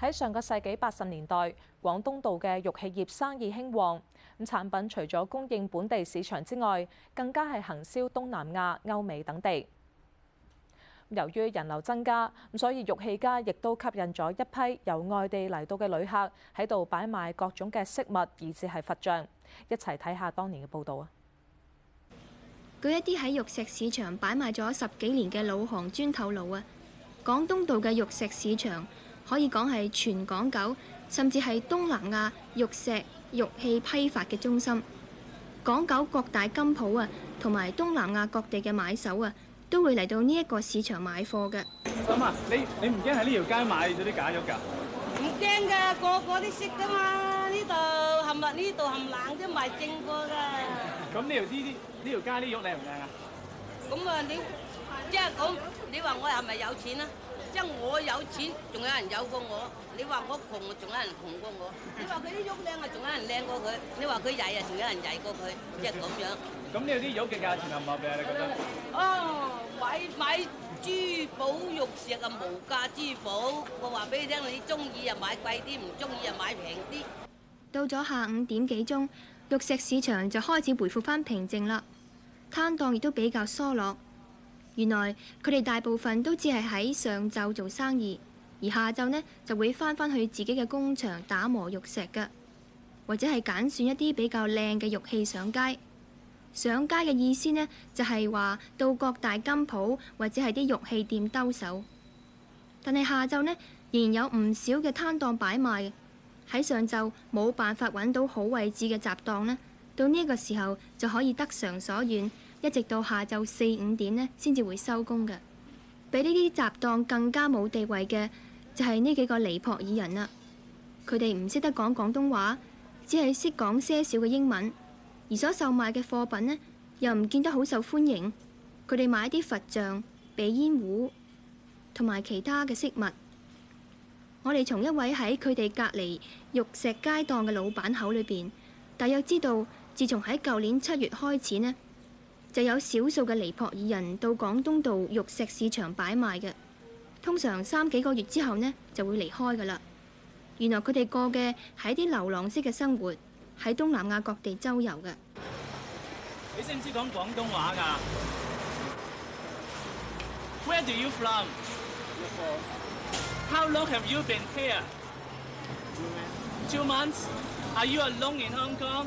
喺上個世紀八十年代，廣東道嘅玉器業生意興旺，咁產品除咗供應本地市場之外，更加係行銷東南亞、歐美等地。由於人流增加，咁所以玉器街亦都吸引咗一批由外地嚟到嘅旅客喺度擺賣各種嘅飾物，以至係佛像。一齊睇下當年嘅報導啊！據一啲喺玉石市場擺賣咗十幾年嘅老行尊透露啊，廣東道嘅玉石市場，可以講係全港九，甚至係東南亞玉石玉器批發嘅中心。港九各大金鋪啊，同埋東南亞各地嘅買手啊，都會嚟到呢一個市場買貨嘅。咁啊，你你唔驚喺呢條街買咗啲假玉㗎？唔驚㗎，個個都識㗎嘛。呢度冚物呢度冚冷都唔係正貨㗎。咁呢條呢啲呢條街啲玉靚唔靚啊？咁啊，你即係講你話我係咪有錢啊？因我有錢，仲有人有過我；你話我窮，仲有人窮過我；你話佢啲玉靚啊，仲有人靚過佢；你話佢曳啊，仲有人曳過佢，即係咁樣。咁、嗯、你有啲玉嘅價錢合唔合你覺得？哦，買買珠寶玉石嘅無價珠寶。我話俾你聽，你中意啊買貴啲，唔中意啊買平啲。到咗下午五點幾鐘，玉石市場就開始回復返平靜啦，攤檔亦都比較疏落。原來佢哋大部分都只係喺上晝做生意，而下晝呢就會返返去自己嘅工場打磨玉石嘅，或者係揀選一啲比較靚嘅玉器上街。上街嘅意思呢，就係話到各大金鋪或者係啲玉器店兜手。但係下晝呢，仍然有唔少嘅攤檔擺賣。喺上晝冇辦法揾到好位置嘅雜檔呢，到呢個時候就可以得償所願。一直到下晝四五點咧，先至會收工嘅。比呢啲雜檔更加冇地位嘅，就係呢幾個尼泊爾人啦。佢哋唔識得講廣東話，只係識講些少嘅英文，而所售賣嘅貨品呢，又唔見得好受歡迎。佢哋賣啲佛像、鼻煙壺同埋其他嘅飾物。我哋從一位喺佢哋隔離玉石街檔嘅老闆口裏邊，大約知道，自從喺舊年七月開始呢，就有少數嘅尼泊爾人到廣東道玉石市場擺賣嘅，通常三幾個月之後呢就會離開㗎喇。原來佢哋過嘅係啲流浪式嘅生活，喺東南亞各地周遊嘅。你識唔識講廣東話㗎？Where do you from？How long have you been here？Two months？Are you alone in Hong Kong？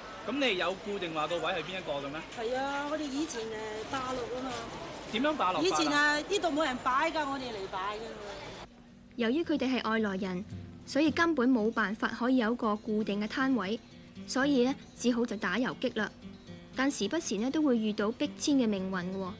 咁你有固定話個位係邊一個嘅咩？係啊，我哋以前誒霸路啊嘛。點樣霸路？以前啊，呢度冇人擺噶，我哋嚟擺嘅。由於佢哋係外來人，所以根本冇辦法可以有個固定嘅攤位，所以咧只好就打游擊啦。但時不時咧都會遇到逼遷嘅命運，哦。